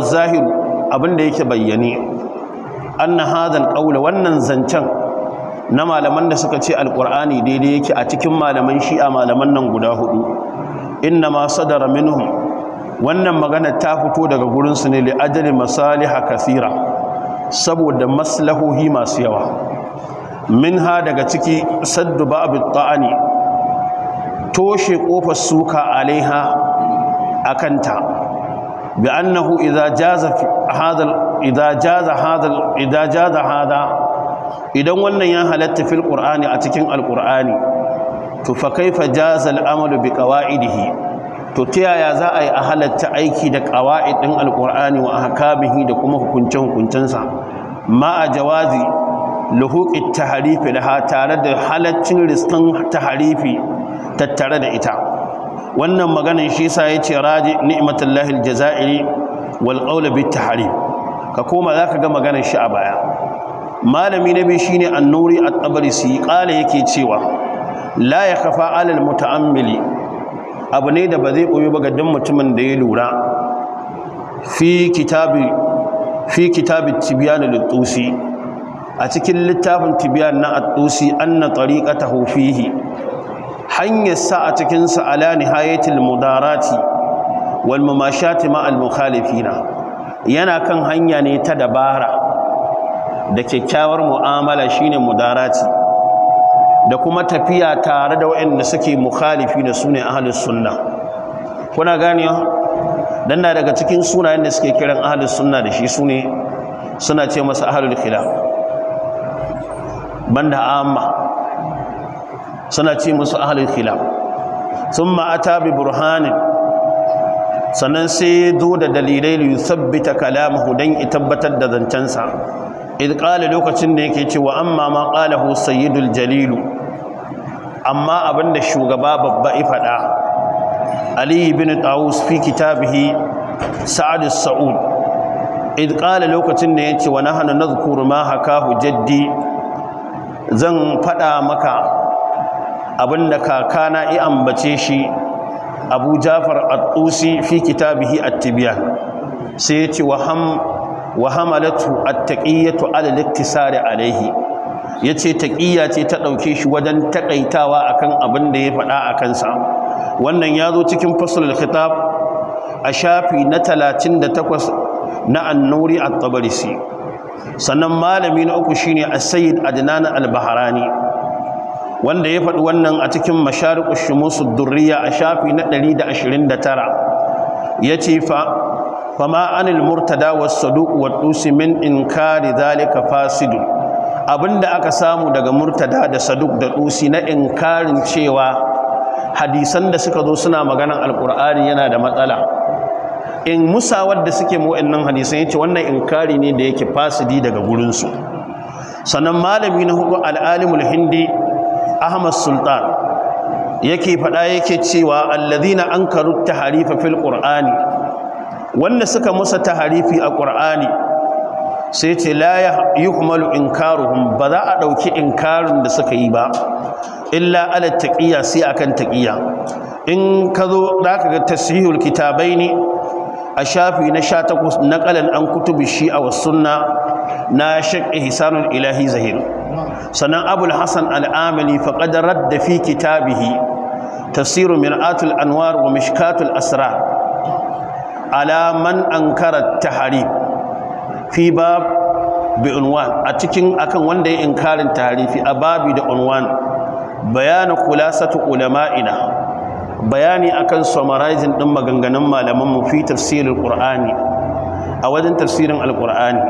abinda yake bayyane An hadal ƙaula wannan zancen na malaman da suka ce Alƙur'ani daidai yake a cikin malaman shi'a malaman nan guda hudu inna ma sadara minhum wannan magana ta fito daga gurin su ne li ajali masaliha kathira saboda maslahohi masu yawa minha daga ciki saddu ba'd ta'ani toshe kofar suka alaiha akanta بأنه إذا جاز هذا إذا جاز هذا إذا جاز هذا إذا ولنا يا هلت في القرآن to ta yaya za a yi a halatta aiki da ƙawa'id alƙur'ani wa ahkamihi da kuma hukunce-hukuncensa ma a jawazi luhuqit taharifi da tare da halaccin riskan taharifi tattare da ita wannan maganin shi ya ce raji ni'matullahi aljazairi wal bit tahrim ka koma zaka ga maganar shi a baya malami nabi shine annuri at-tabarisi qala yake cewa la yakhafa 'ala al-muta'ammili abu ne da ba zai koyo ba ga dan mutumin da ya lura fi kitabi fi kitabi tibyan al-tusi a cikin littafin tibyan na at-tusi anna tariqatahu fihi hanyar sa a cikin sa ala nihayatil mudarati wal mumashati ma al mukhalifina yana kan hanya ne ta dabara da kyakkyawar mu'amala shine mudarati da kuma tafiya tare da waɗanda suke mukhalifi da sune ahlus sunna kuna gane dan na daga cikin sunayen da suke kiran ahlus sunna da shi sune suna ce masa ahlul khilaf banda amma suna ci musu ahalin khilaf sun ma'ata bi burhanin sannan sai zo da dalilai da yusabbita kalamahu don ya tabbatar da zancensa idh qala lokacin da yake cewa amma ma qalahu sayyidul jalilu amma abinda shugaba babba ya faɗa ali ibn taus fi kitabihi sa'ad saud idh lokacin da yake wa nahana nadhkuru ma hakahu jaddi zan faɗa maka abinda kakana ya ambace shi abu jafar at-tusi fi kitabihi at-tibyan sai ya ce wa hamalatu at-taqiyatu ala al-iktisari alayhi yace taƙiyya ce ta ɗauke shi wajen taƙaitawa akan abin da ya faɗa a kansa wannan ya zo cikin faslul kitab a shafi na 38 na annuri at-tabarisi sannan malami na uku shine a sayyid adnan al-bahrani wanda ya faɗi wannan a cikin mashariƙu shimusu durriya a shafi na 129 ya ce fa fama anil murtada wa saduq wa dusi min inkari zalika fasidu abinda aka samu daga murtada da saduk da dusi na inkarin cewa hadisan da suka zo suna maganan alkur'ani yana da matsala in musawar da suke nan hadisan yace wannan inkari ne da yake fasidi daga gurinsu sannan malami na hudu al'alimul hindi ahmad sultan yake faɗa yake cewa alladhina ankaru taharifa fil qur'ani wanda suka musa taharifi a qur'ani sai ce la yuhmalu inkaruhum ba za a ɗauki inkarin da suka yi ba illa ala taƙiya sai akan taƙiya. in ka zo za ka ga tashihul kitabai ne a shafi na sha takwas na kalar an kutubi shi a wasu sunna na shaƙi hisanul ilahi zahiru sannan abul hassan al'amali faƙad radda fi kitabihi tafsiru mir'atul anwar wa mishkatul asra alaman man ankara taharib fi bab bi unwan a cikin akan wanda ya inkarin taharifi a babi da unwan bayanu ulama ina bayani akan summarizing din maganganun malaman mu fi tafsirul qur'ani a wajen tafsirin alqur'ani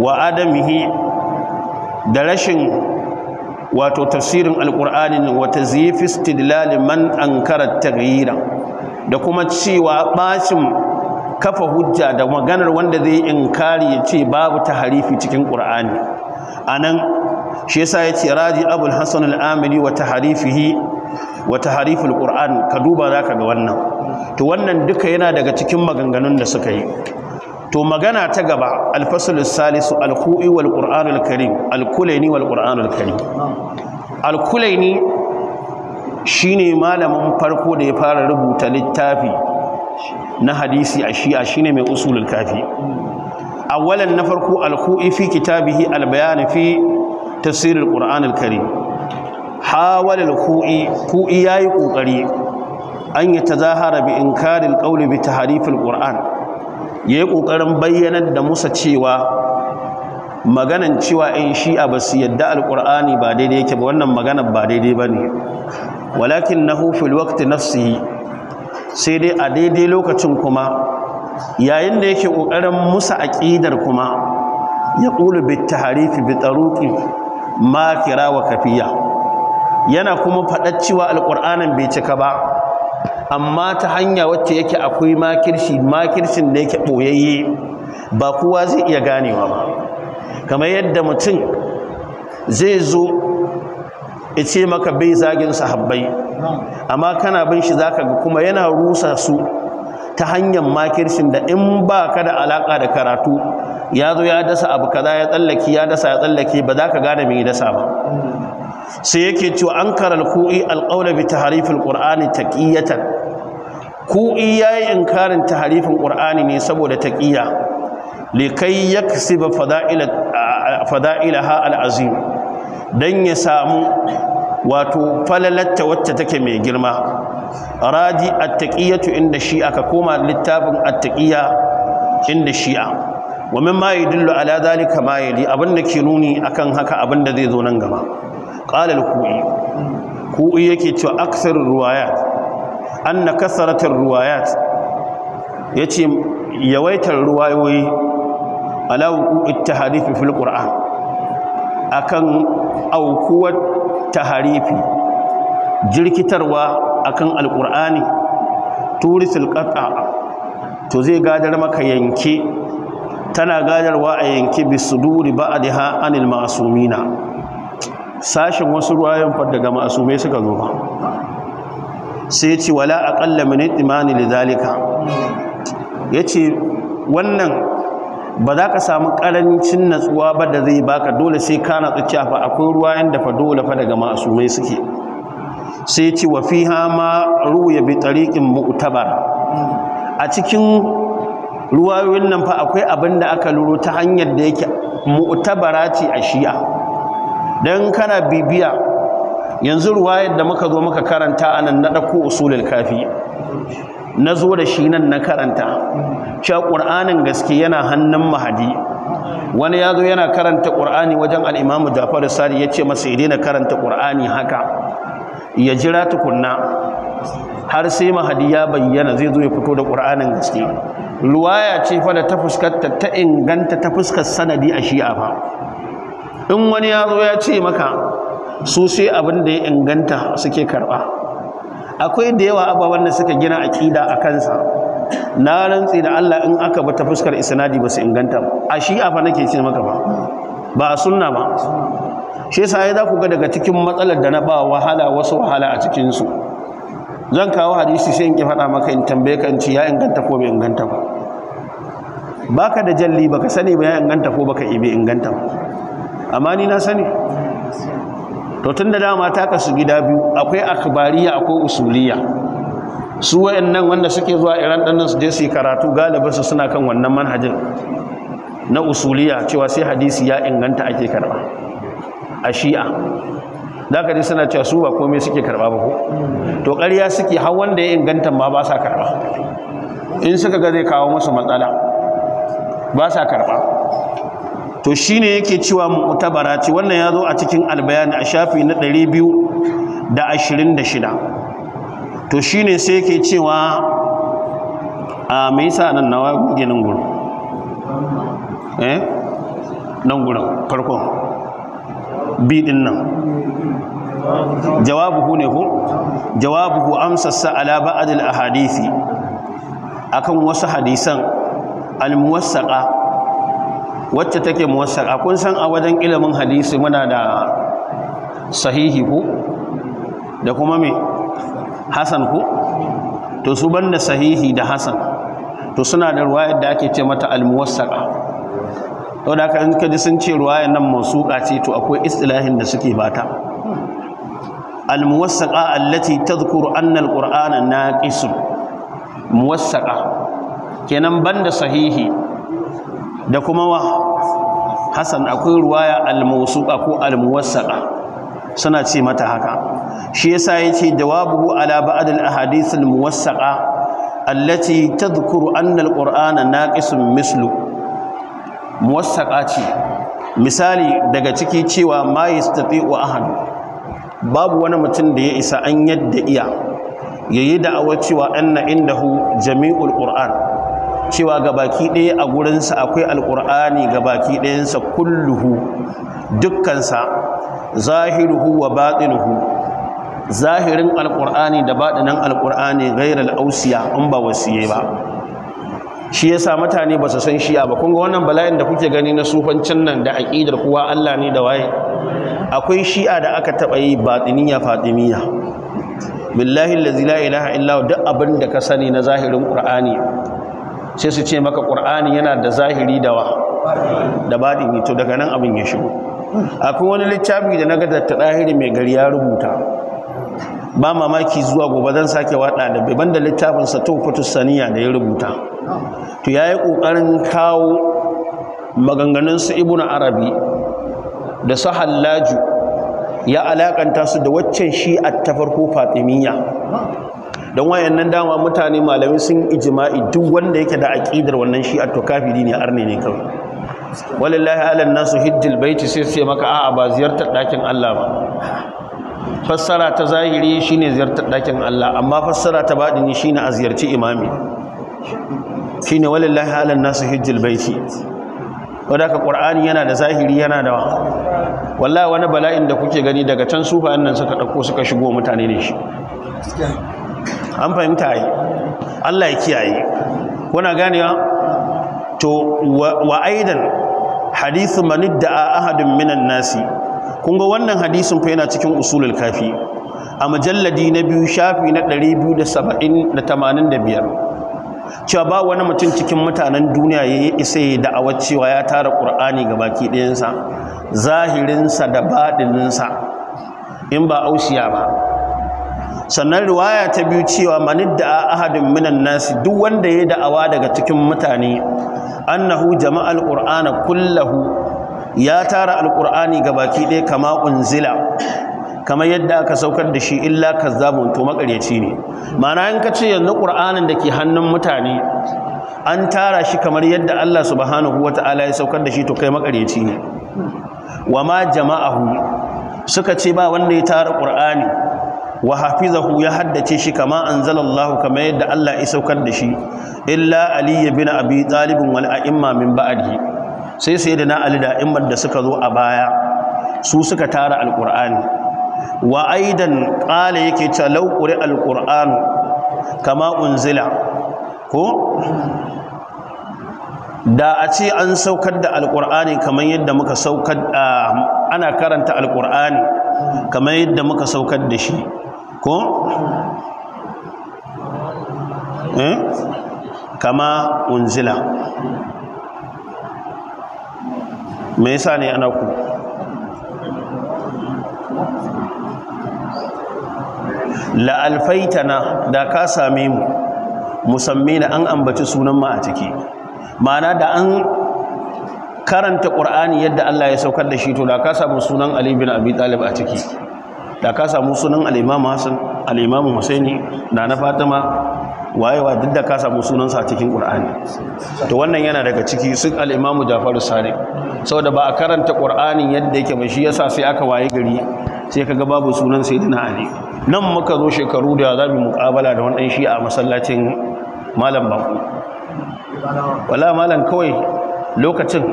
wa adamihi da rashin wato tafsirin alƙur'ani wata zifi istidlal man ankara taghyira da kuma cewa bashin kafa hujja da maganar wanda zai inkari ya ce babu ta harifi cikin ƙur'ani nan shi yasa ya ce raji abul hasan al wa taharifihi wa tahariful ka duba ka ga wannan to wannan duka yana daga cikin maganganun da suka yi to magana ta gaba alfasul salisu alku'i wal qur'anul karim alkulaini wal qur'anul karim alkulaini shine malamin farko da ya fara rubuta littafi na hadisi a shi'a shine mai usulul kafi awalan na farko alku'i fi kitabihi albayan fi tafsir alqur'anul karim hawala alku'i ku'i yayi kokari an yatazahara bi inkaril qawli bi tahrif alqur'an ya yi ƙoƙarin bayyanar da musa cewa maganan cewa in shi'a basu basu yadda alƙur'ani ba daidai yake ba wannan maganar ba daidai ba ne walakin na hufil wakti nafsihi sai dai a daidai lokacin kuma yayin da yake ƙoƙarin musa aƙidar kuma ya ƙulu bitta harifi ma makira wa kafiya yana kuma faɗa cewa alƙur'anin bai cika ba amma ta hanya wacce yake akwai makirshi makircin da yake ɓoyayye ba kowa zai iya ganewa ba kamar yadda mutum zai zo ya ce maka bai zagin sahabbai amma kana bin shi zaka ga kuma yana rusa su ta hanyar makircin da in ba ka da alaka da karatu ya zo ya dasa abu kaza ya tsallake ya dasa ya tsallake ba za ka gane mai dasa ba sai yake cewa an karal ku'i alƙaula bi tahrifil qur'ani ƙiyatar ya yi inkarin taharifin ƙur'ani ne saboda taqiya likai yaksiba fada'ila ha al'azim dan ya samu wato falalatta wacce take mai girma radi at-taqiyatu inda shi'a ka koma littafin at-taqiya inda shi'a wa mimma yadullu ala dhalika ma yali abinda ke nuni akan haka abinda zai zo nan gaba qala al-ku'i ku'i yake cewa aksar ruwayat anna kasaratar ruwayat ya ce yawaitar ruwayoyi alawu ita taharifi fil a kan aukuwar harifi, jirkitarwa akan alqur'ani turisul qat'a to zai gadar maka yanke tana gadarwa a yanke bisuduri ba'daha anil ma'sumina Sashen wasu fadda fa daga ma'sumai suka zo ba sai ce wala aqalla mini imani Ya ce, wannan ba za ka samu karancin natsuwa ba da zai baka dole sai ka natsu cewa fa akwai ruwa yadda fa dole fa daga mai suke sai ce wa fiha ma ya bi tariqin mu'tabar a cikin ruwayoyin nan fa akwai abin da aka luro ta hanyar da yake mu'tabara ce a shi'a dan kana bibiya yanzu ruwayar da muka zo muka karanta anan na ɗako usulul kafi na zo da shi nan na karanta cewa ƙur'anin gaske yana hannun mahadi wani ya zo yana karanta ƙur'ani wajen al'imamu Jafaru sadi ya ce masa ya daina karanta ƙur'ani haka ya jira tukunna har sai mahadi ya bayyana zai zo ya fito da ƙur'anin gaske ruwaya ce fa da ta ta inganta ta fuskar sanadi a shi'a fa in wani ya zo ya ce maka su sai abin da ya inganta suke karba. akwai da yawa ababen da suka gina akida a kansa na rantsi da Allah in aka bata ta fuskar isnadi ba su inganta ba a shi fa nake ce maka ba ba a sunna ba shi yasa ai za ku ga daga cikin matsalar da na ba wahala wasu wahala a cikin su zan kawo hadisi sai in ki faɗa maka in tambaye ka in ci ya inganta ko bai inganta ba baka da jalli baka sani ba ya inganta ko baka ibe inganta amma ni na sani to tun da dama ta kasu gida biyu akwai akbariya akwai usuliya su wayannan wanda suke zuwa iran ɗannan su je su yi karatu galibin su suna kan wannan manhajin na usuliya cewa sai hadisi ya inganta ake karba a shi'a Za ka ji suna cewa su ba komai suke karba ba ko to ƙarya suke har wanda ya inganta ma ba sa karba in suka ga zai kawo musu matsala ba sa karba to shi ne yake cewa mu'tabara ce wannan ya zo a cikin albayani a shafi na 226 to shi ne sai yake cewa a me sa nan wa goge nan gurin eh nan gurin farkon bi din nan jawabuhu ne ko amsa amsassa ala ba'd al ahadisi akan wasu hadisan al muwassaqa wacce take muwassar a kun san a wajen ilimin hadisi muna da sahihi ku da kuma me hasan ku to su banda sahihi da hasan to suna da ruwayar da ake ce mata almuwassara to da in ka ji sun ce ruwayar nan masuka ce to akwai istilahin da suke bata almuwassara allati tadhkuru anna alqur'ana naqisun muwassara kenan banda sahihi da kuma wa hasan akwai ruwaya almusuqa ko almuwassaqa suna ce mata haka shi yasa yace jawabu ala ba'd alahadith almuwassaqa allati tadhkuru anna alqur'ana naqisun mislu muwassaqa ce misali daga ciki cewa ma yastati'u ahad babu wani mutum da ya isa an yadda iya yayi da'awar cewa anna indahu jami'ul qur'an cewa gabaki ɗaya a gurinsa akwai alƙur'ani gabaki ɗayansa kulluhu dukkansa zahiruhu wa batinuhu zahirin alƙur'ani da baɗinan alƙur'ani gairar ausiya in ba wasiye ba shi yasa mutane ba su san shi'a ba kun ga wannan bala'in da kuke gani na sufancin nan da aƙidar kuwa Allah ne da waye akwai shi'a da aka taɓa yi batiniya fatimiyya billahi allazi la ilaha illa duk abin da ka sani na zahirin ƙur'ani. sai su ce maka ƙur'ani yana da zahiri da wa da baɗini to daga nan abin ya shigo akwai wani littafi da na ga datta ɗahiri mai gari ya rubuta ba mamaki zuwa gobe zan sake waɗa da bai da littafin sa to saniya da ya rubuta to ya yi ƙoƙarin kawo maganganun su ibnu arabi da su hallaju ya alaƙanta su da waccan shi ta farko fatimiyya don wayannan dama mutane malami sun ijima'i duk wanda yake da aqidar wannan shi to kafiri ne arne ne kawai wallahi alal nasu hiddil baiti sai sai maka a'a ba ziyartar dakin Allah ba fassara ta zahiri shine ziyartar dakin Allah amma fassara ta badini shine a ziyarci imami shine wallahi alal nasu hiddil baiti wanda ka qur'ani yana da zahiri yana da wallahi wani bala'in da kuke gani daga can sufa nan suka dauko suka shigo mutane ne shi an fahimta ai Allah ya kiyaye kuna wa? to wa aidan hadithu man a ahadun minan nasi kun ga wannan hadisin fa yana cikin usulul kafi a mujalladi na biyu shafi na 275 cewa ba wani mutum cikin mutanen duniya ya yi isa ya da'awar cewa ya tara ƙur'ani ga baki ɗayansa zahirinsa da baɗininsa in ba ausiya ba sannan riwaya ta biyu cewa manidda ahadin minan nasi duk wanda ya da'awa daga cikin mutane An annahu jama'al qur'ana kullahu ya tara ga baki ɗaya kama unzila kamar yadda aka saukar da shi illa kazzabun to makaryaci ne Mana in ka ce yanzu ƙur'anin da ke hannun mutane an tara shi kamar yadda Allah subhanahu Ta'ala ya saukar da shi to kai makaryaci ne wa ma jama'ahu suka ce ba wanda ya tara ƙur'ani. wa hafizahu ya haddace shi kama anzalallahu kama yadda Allah ya saukar da shi illa ali bin abi talib wal a'imma min ba'di sai sai da na ali da a'imman da suka zo a baya su suka tara alqur'ani wa aidan qala yake ta law quri alqur'anu kama unzila ko da a ce an saukar da alqur'ani kaman yadda muka saukar ana karanta alqur'ani kamar yadda muka saukar da shi ko eh? kama unzila me yasa ne ana ku la'alfaitana da ka same mu musamman an ambaci sunan ma a ciki ma'ana da an karanta ƙur'ani yadda Allah ya saukar da shi to da ka samu sunan Ali bin Abi Talib a ciki da ka samu sunan al'imamu hassan al'imamu Musaini na na fatima wayewa duk da ka samu sunansa a cikin ƙur'ani to wannan yana daga ciki sun al'imamu jafaru sare saboda ba a karanta ƙur'anin yadda yake ba shi yasa sai aka waye gari sai ka ga babu sunan sai dina ali nan muka zo shekaru da za mu muƙabala da wani shi a masallacin malam baku wala malam kawai lokacin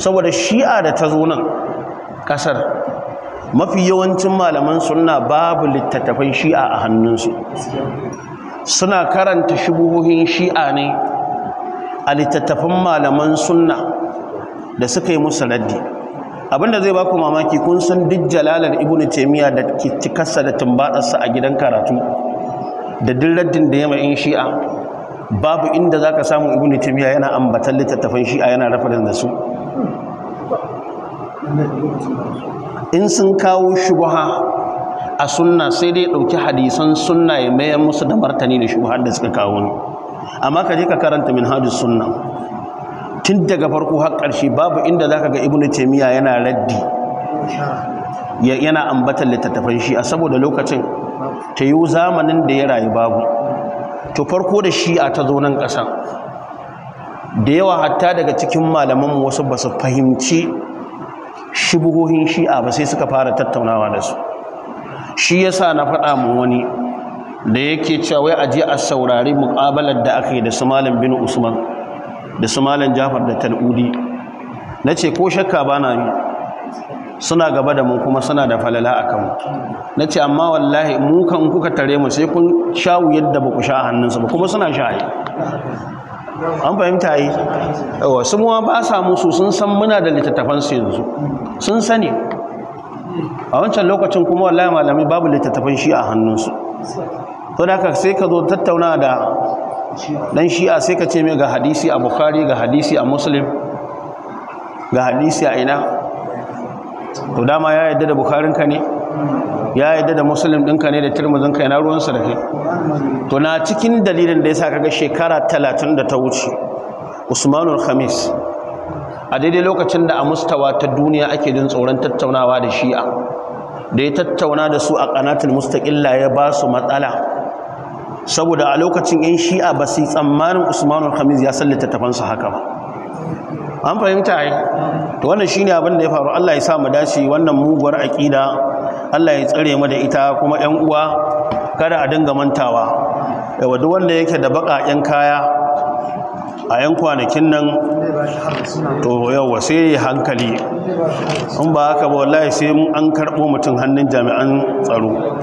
saboda shi'a da ta zo nan ƙasar mafi yawancin malaman suna babu littattafan shi'a a hannunsu suna karanta shubuhohin shi'a ne a littattafan malaman suna da suka yi musu raddi abinda zai baku mamaki kun san duk jalalar ibn taymiya da cikarsa da tumbatsarsa a gidan karatu da duk raddin da ya mai shi'a babu inda za ka samu ibn taymiya yana ambatan littattafan shi'a yana rafa da su in sun kawo shubha a sunna sai dai ɗauki hadisan sunna ya mayar musu da martani da shubha da suka kawo ne amma ka je ka karanta hajji sunna tun daga farko har ƙarshe babu inda za ka ga ibnu taymiya yana raddi yana ambatan littattafan shi a saboda lokacin ta yi zamanin da ya rayu babu to farko da shi a ta zo nan ƙasa da yawa hatta daga cikin malaman wasu ba su fahimci shubuhohin shi'a ba sai suka fara tattaunawa da su shi yasa na faɗa mu wani da yake cewa wai aje a saurari muqabalar da aka yi da su malam bin usman da su malam jafar da tal'udi na ce ko shakka ba na yi suna gaba da mu kuma suna da falala a kanmu na ce amma wallahi mu kan kuka tare mu sai kun sha wuyar da ba ku sha hannunsa ba kuma suna sha an fahimta yi yawa sun wa ba sa musu sun san muna da su yanzu sun sani a wancan lokacin kuma wallahi malami babu littattafan shi a hannunsu to da ka sai ka zo tattauna da dan shi'a sai ka ce mai ga hadisi a bukari ga hadisi a muslim ga hadisi a ina to dama ya yadda da bukarinka ne ya yadda da musulun ɗinka ne da turmuzin kai na ruwan da to na cikin dalilin da ya sa kaga shekara talatin da ta wuce usmanul khamis a daidai lokacin da a mustawa ta duniya ake jin tsoron tattaunawa da shi'a da ya tattauna da su a kanatul mustaƙilla ya ba su matsala saboda a lokacin yan shi'a ba su tsammanin usmanul khamis ya san tafansa haka ba an fahimta ai to wannan shine abin da ya faru Allah ya sa mu dace wannan muguwar aƙida Allah ya tsare mu da ita kuma ƴan uwa kada a dinga mantawa yawa duk wanda yake da baƙaƙen kaya a yan kwanakin nan to yawa sai hankali in ba haka ba wallahi sai an karɓo mutum hannun jami'an tsaro